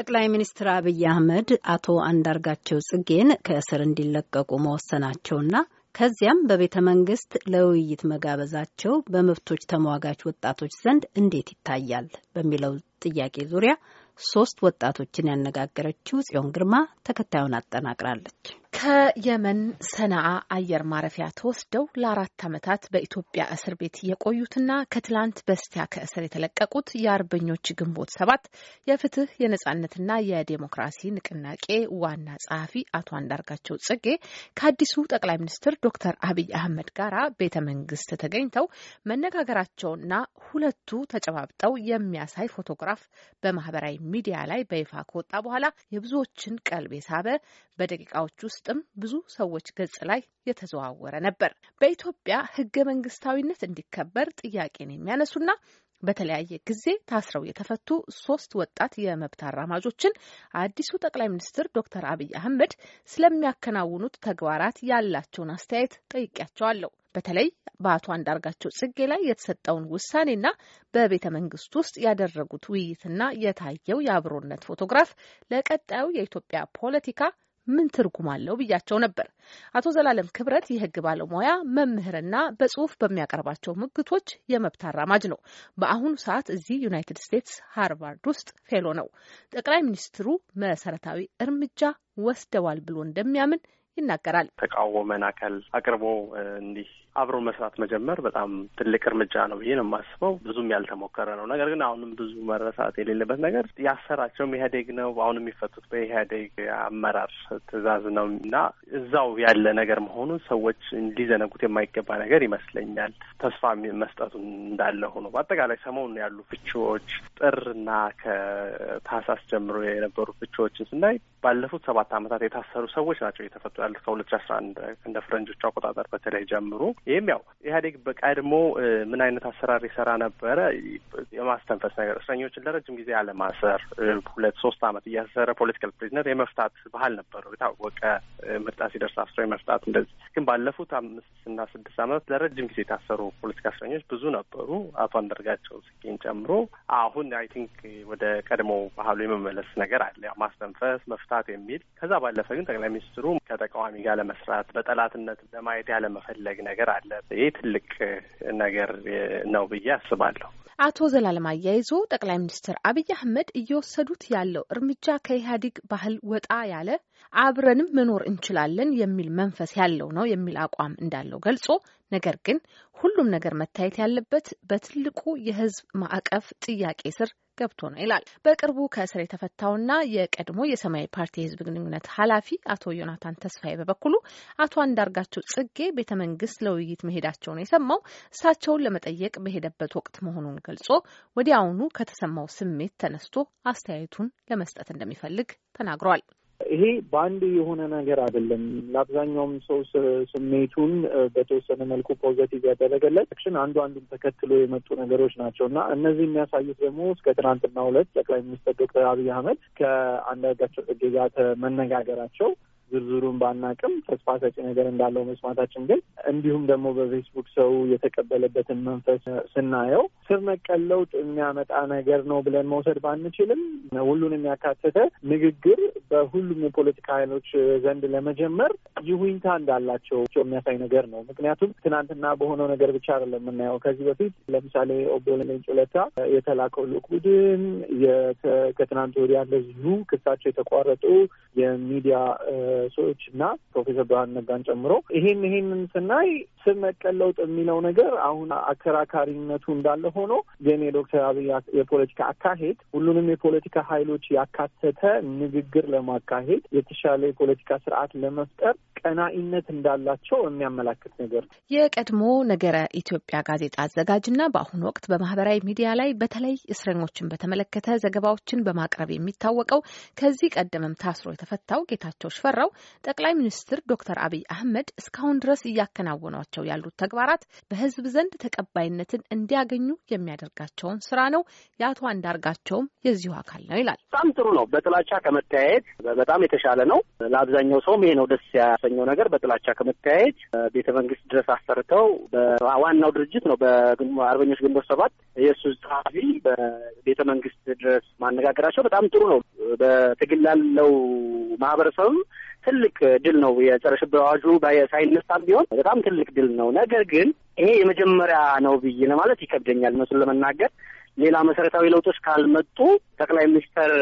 ጠቅላይ ሚኒስትር አብይ አህመድ አቶ አንዳርጋቸው ጽጌን ከእስር እንዲለቀቁ መወሰናቸውና ከዚያም በቤተ መንግስት ለውይይት መጋበዛቸው በመብቶች ተሟጋች ወጣቶች ዘንድ እንዴት ይታያል በሚለው ጥያቄ ዙሪያ ሶስት ወጣቶችን ያነጋገረችው ጽዮን ግርማ ተከታዩን አጠናቅራለች። ከየመን ሰነአ አየር ማረፊያ ተወስደው ለአራት ዓመታት በኢትዮጵያ እስር ቤት የቆዩትና ከትላንት በስቲያ ከእስር የተለቀቁት የአርበኞች ግንቦት ሰባት የፍትህ የነጻነትና የዴሞክራሲ ንቅናቄ ዋና ጸሐፊ አቶ አንዳርጋቸው ጽጌ ከአዲሱ ጠቅላይ ሚኒስትር ዶክተር አብይ አህመድ ጋር ቤተ መንግስት ተገኝተው መነጋገራቸውና ሁለቱ ተጨባብጠው የሚያሳይ ፎቶግራፍ በማህበራዊ ሚዲያ ላይ በይፋ ከወጣ በኋላ የብዙዎችን ቀልብ የሳበ በደቂቃዎች ውስጥ ውስጥም ብዙ ሰዎች ገጽ ላይ የተዘዋወረ ነበር። በኢትዮጵያ ህገ መንግስታዊነት እንዲከበር ጥያቄን የሚያነሱና በተለያየ ጊዜ ታስረው የተፈቱ ሶስት ወጣት የመብት አራማጆችን አዲሱ ጠቅላይ ሚኒስትር ዶክተር አብይ አህመድ ስለሚያከናውኑት ተግባራት ያላቸውን አስተያየት ጠይቄያቸዋለሁ። በተለይ በአቶ አንዳርጋቸው ጽጌ ላይ የተሰጠውን ውሳኔና በቤተ መንግስት ውስጥ ያደረጉት ውይይትና የታየው የአብሮነት ፎቶግራፍ ለቀጣዩ የኢትዮጵያ ፖለቲካ ምን ትርጉም አለው ብያቸው ነበር። አቶ ዘላለም ክብረት የህግ ባለሙያ መምህርና በጽሁፍ በሚያቀርባቸው ምግቶች የመብት አራማጅ ነው። በአሁኑ ሰዓት እዚህ ዩናይትድ ስቴትስ ሃርቫርድ ውስጥ ፌሎ ነው። ጠቅላይ ሚኒስትሩ መሰረታዊ እርምጃ ወስደዋል ብሎ እንደሚያምን ይናገራል። ተቃውሞ መናከል አቅርቦ እንዲህ አብሮ መስራት መጀመር በጣም ትልቅ እርምጃ ነው ብዬ ነው የማስበው። ብዙም ያልተሞከረ ነው። ነገር ግን አሁንም ብዙ መረሳት የሌለበት ነገር ያሰራቸውም ኢህአዴግ ነው። አሁን የሚፈቱት በኢህአዴግ አመራር ትዕዛዝ ነው እና እዛው ያለ ነገር መሆኑን ሰዎች እንዲዘነጉት የማይገባ ነገር ይመስለኛል። ተስፋ መስጠቱን እንዳለ ሆኖ በአጠቃላይ ሰሞኑን ያሉ ፍቺዎች ጥርና ከታህሳስ ጀምሮ የነበሩ ፍቺዎችን ስናይ ባለፉት ሰባት ዓመታት የታሰሩ ሰዎች ናቸው እየተፈቱ ያሉት ከሁለት ሺ አስራ አንድ እንደ ፈረንጆቹ አቆጣጠር በተለይ ጀምሮ ይህም ያው ኢህአዴግ በቀድሞ ምን አይነት አሰራር ይሰራ ነበረ? የማስተንፈስ ነገር እስረኞችን ለረጅም ጊዜ አለማሰር፣ ሁለት ሶስት አመት እያሰረ ፖለቲካል ፕሪዝነር የመፍታት ባህል ነበረው የታወቀ ምርጫ ሲደርስ አስሮ የመፍታት እንደዚህ። ግን ባለፉት አምስት እና ስድስት አመታት ለረጅም ጊዜ የታሰሩ ፖለቲካ እስረኞች ብዙ ነበሩ፣ አቶ አንደርጋቸው ጽጌን ጨምሮ። አሁን አይ ቲንክ ወደ ቀድሞ ባህሉ የመመለስ ነገር አለ፣ ያው ማስተንፈስ፣ መፍታት የሚል ከዛ ባለፈ ግን ጠቅላይ ሚኒስትሩ ከተቃዋሚ ጋር ለመስራት በጠላትነት ለማየት ያለመፈለግ ነገር አለ። ይህ ትልቅ ነገር ነው ብዬ አስባለሁ። አቶ ዘላለም አያይዞ ጠቅላይ ሚኒስትር አብይ አህመድ እየወሰዱት ያለው እርምጃ ከኢህአዴግ ባህል ወጣ ያለ አብረንም መኖር እንችላለን የሚል መንፈስ ያለው ነው የሚል አቋም እንዳለው ገልጾ ነገር ግን ሁሉም ነገር መታየት ያለበት በትልቁ የህዝብ ማዕቀፍ ጥያቄ ስር ገብቶ ነው ይላል። በቅርቡ ከእስር የተፈታውና የቀድሞ የሰማያዊ ፓርቲ የህዝብ ግንኙነት ኃላፊ አቶ ዮናታን ተስፋዬ በበኩሉ አቶ አንዳርጋቸው ጽጌ ቤተ መንግስት ለውይይት መሄዳቸውን የሰማው እሳቸውን ለመጠየቅ በሄደበት ወቅት መሆኑን ገልጾ ወዲያውኑ ከተሰማው ስሜት ተነስቶ አስተያየቱን ለመስጠት እንደሚፈልግ ተናግሯል። ይሄ በአንድ የሆነ ነገር አይደለም። ለአብዛኛውም ሰው ስሜቱን በተወሰነ መልኩ ፖዘቲቭ ያደረገለት አክሽን አንዱ አንዱን ተከትሎ የመጡ ነገሮች ናቸው እና እነዚህ የሚያሳዩት ደግሞ እስከ ትናንትና ሁለት ጠቅላይ ሚኒስትር ዶክተር አብይ አህመድ ከአንዳርጋቸው ጽጌ ጋር መነጋገራቸው ዝርዝሩን ባናቅም ተስፋ ሰጪ ነገር እንዳለው መስማታችን ግን እንዲሁም ደግሞ በፌስቡክ ሰው የተቀበለበትን መንፈስ ስናየው ስር ነቀል ለውጥ የሚያመጣ ነገር ነው ብለን መውሰድ ባንችልም ሁሉን የሚያካትተ ንግግር በሁሉም የፖለቲካ ኃይሎች ዘንድ ለመጀመር ይሁኝታ እንዳላቸው የሚያሳይ ነገር ነው። ምክንያቱም ትናንትና በሆነው ነገር ብቻ አይደለም የምናየው። ከዚህ በፊት ለምሳሌ ኦቦ ለሜንጮ ለታ የተላከው ልዑክ ቡድን ከትናንት ወዲያ እንደዚሁ ክሳቸው የተቋረጡ የሚዲያ ሰዎች እና ፕሮፌሰር ብርሃን ነጋን ጨምሮ ይሄም ይሄንን ስናይ ስም ነቀል ለውጥ የሚለው ነገር አሁን አከራካሪነቱ እንዳለ ሆኖ ግን የዶክተር አብይ የፖለቲካ አካሄድ ሁሉንም የፖለቲካ ኃይሎች ያካተተ ንግግር ለማካሄድ የተሻለ የፖለቲካ ስርዓት ለመፍጠር ቀናኢነት እንዳላቸው የሚያመላክት ነገር ነው። የቀድሞ ነገረ ኢትዮጵያ ጋዜጣ አዘጋጅና በአሁኑ ወቅት በማህበራዊ ሚዲያ ላይ በተለይ እስረኞችን በተመለከተ ዘገባዎችን በማቅረብ የሚታወቀው ከዚህ ቀደምም ታስሮ የተፈታው ጌታቸው ሽፈራው ጠቅላይ ሚኒስትር ዶክተር አብይ አህመድ እስካሁን ድረስ እያከናወኗቸው ያሉት ተግባራት በህዝብ ዘንድ ተቀባይነትን እንዲያገኙ የሚያደርጋቸውን ስራ ነው። የአቶ አንዳርጋቸውም የዚሁ አካል ነው ይላል። በጣም ጥሩ ነው። በጥላቻ ከመተያየት በጣም የተሻለ ነው። ለአብዛኛው ሰውም ይሄ ነው ደስ ያሰኘው ነገር። በጥላቻ ከመተያየት ቤተ መንግስት ድረስ አሰርተው በዋናው ድርጅት ነው በአርበኞች ግንቦት ሰባት የእሱ ጸሐፊ በቤተ መንግስት ድረስ ማነጋገራቸው በጣም ጥሩ ነው። በትግል ላለው ማህበረሰብም ትልቅ ድል ነው። የጸረ ሽብር አዋጁ ሳይነሳ ቢሆን በጣም ትልቅ ድል ነው። ነገር ግን ይሄ የመጀመሪያ ነው ብዬ ለማለት ይከብደኛል። መስሉ ለመናገር ሌላ መሰረታዊ ለውጦች ካልመጡ ጠቅላይ ሚኒስትር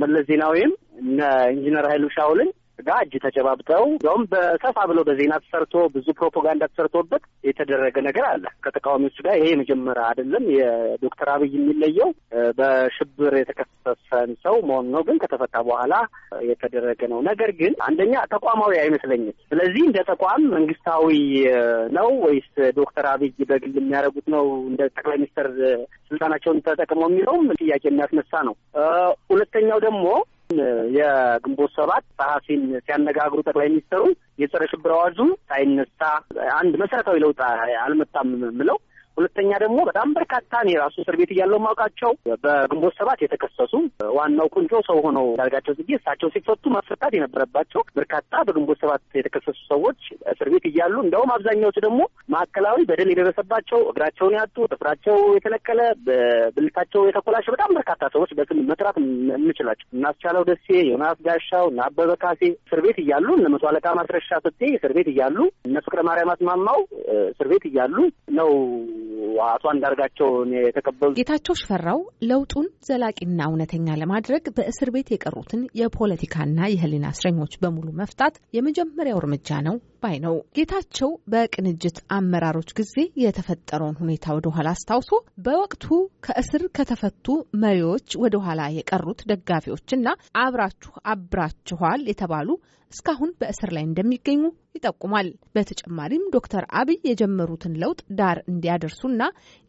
መለስ ዜናዊም እነ ኢንጂነር ኃይሉ ሻውልን ጋር እጅ ተጨባብጠው እንዲሁም በሰፋ ብሎ በዜና ተሰርቶ ብዙ ፕሮፓጋንዳ ተሰርቶበት የተደረገ ነገር አለ ከተቃዋሚዎቹ ጋር። ይሄ የመጀመሪያ አይደለም። የዶክተር አብይ የሚለየው በሽብር የተከፈ ሰው መሆኑ ነው። ግን ከተፈታ በኋላ የተደረገ ነው። ነገር ግን አንደኛ ተቋማዊ አይመስለኝም። ስለዚህ እንደ ተቋም መንግስታዊ ነው ወይስ ዶክተር አብይ በግል የሚያደርጉት ነው እንደ ጠቅላይ ሚኒስትር ስልጣናቸውን ተጠቅመው የሚለውም ጥያቄ የሚያስነሳ ነው። ሁለተኛው ደግሞ የግንቦት ሰባት ጸሐፊን ሲያነጋግሩ ጠቅላይ ሚኒስትሩ የጸረ ሽብር አዋጁ ሳይነሳ አንድ መሰረታዊ ለውጥ አልመጣም ምለው ሁለተኛ ደግሞ በጣም በርካታ እኔ ራሱ እስር ቤት እያለው ማውቃቸው በግንቦት ሰባት የተከሰሱ ዋናው ቁንጮ ሰው ሆነው እንዳርጋቸው ጽጌ እሳቸው ሲፈቱ ማስፈታት የነበረባቸው በርካታ በግንቦት ሰባት የተከሰሱ ሰዎች እስር ቤት እያሉ እንደውም አብዛኛዎቹ ደግሞ ማዕከላዊ በደል የደረሰባቸው እግራቸውን ያጡ ጥፍራቸው የተለቀለ በብልታቸው የተኮላሸ በጣም በርካታ ሰዎች በስም መጥራት የምችላቸው እናስቻለው ደሴ፣ ዮናስ ጋሻው፣ እነ አበበ ካሴ እስር ቤት እያሉ እነ መቶ አለቃ ማስረሻ ስቴ እስር ቤት እያሉ እነ ፍቅረ ማርያም አስማማው እስር ቤት እያሉ ነው አቶ አንዳርጋቸው የተቀበሉ ጌታቸው ሽፈራው ለውጡን ዘላቂና እውነተኛ ለማድረግ በእስር ቤት የቀሩትን የፖለቲካና የሕሊና እስረኞች በሙሉ መፍታት የመጀመሪያው እርምጃ ነው ባይ ነው። ጌታቸው በቅንጅት አመራሮች ጊዜ የተፈጠረውን ሁኔታ ወደኋላ አስታውሶ በወቅቱ ከእስር ከተፈቱ መሪዎች ወደኋላ የቀሩት ደጋፊዎችና አብራችሁ አብራችኋል የተባሉ እስካሁን በእስር ላይ እንደሚገኙ ይጠቁማል። በተጨማሪም ዶክተር አብይ የጀመሩትን ለውጥ ዳር እንዲያደርሱ እንዲደርሱና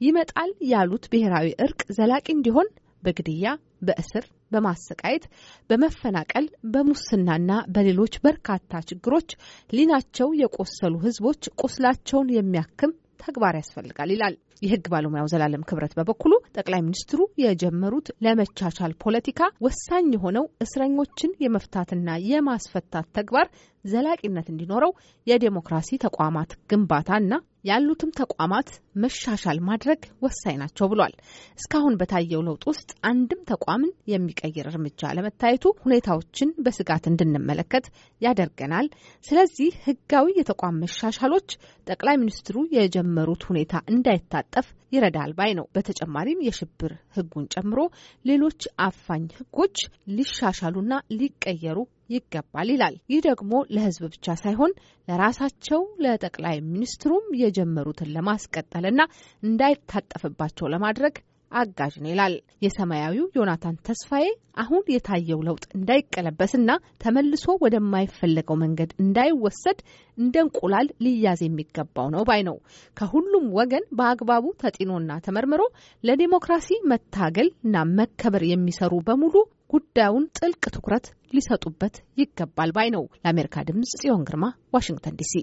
ይመጣል ያሉት ብሔራዊ እርቅ ዘላቂ እንዲሆን በግድያ፣ በእስር፣ በማሰቃየት፣ በመፈናቀል፣ በሙስናና በሌሎች በርካታ ችግሮች ሊናቸው የቆሰሉ ህዝቦች ቁስላቸውን የሚያክም ተግባር ያስፈልጋል ይላል። የህግ ባለሙያው ዘላለም ክብረት በበኩሉ ጠቅላይ ሚኒስትሩ የጀመሩት ለመቻቻል ፖለቲካ ወሳኝ የሆነው እስረኞችን የመፍታትና የማስፈታት ተግባር ዘላቂነት እንዲኖረው የዴሞክራሲ ተቋማት ግንባታና ያሉትም ተቋማት መሻሻል ማድረግ ወሳኝ ናቸው ብሏል። እስካሁን በታየው ለውጥ ውስጥ አንድም ተቋምን የሚቀይር እርምጃ ለመታየቱ ሁኔታዎችን በስጋት እንድንመለከት ያደርገናል። ስለዚህ ሕጋዊ የተቋም መሻሻሎች ጠቅላይ ሚኒስትሩ የጀመሩት ሁኔታ እንዳይታጠፍ ይረዳል ባይ ነው። በተጨማሪም የሽብር ሕጉን ጨምሮ ሌሎች አፋኝ ሕጎች ሊሻሻሉና ሊቀየሩ ይገባል ይላል። ይህ ደግሞ ለህዝብ ብቻ ሳይሆን ለራሳቸው ለጠቅላይ ሚኒስትሩም የጀመሩትን ለማስቀጠልና እንዳይታጠፍባቸው ለማድረግ አጋዥ ነው ይላል። የሰማያዊው ዮናታን ተስፋዬ አሁን የታየው ለውጥ እንዳይቀለበስና ተመልሶ ወደማይፈለገው መንገድ እንዳይወሰድ እንደ እንቁላል ሊያዝ የሚገባው ነው ባይ ነው። ከሁሉም ወገን በአግባቡ ተጢኖና ተመርምሮ ለዲሞክራሲ መታገልና መከበር የሚሰሩ በሙሉ ጉዳዩን ጥልቅ ትኩረት ሊሰጡበት ይገባል ባይ ነው። ለአሜሪካ ድምጽ ጽዮን ግርማ ዋሽንግተን ዲሲ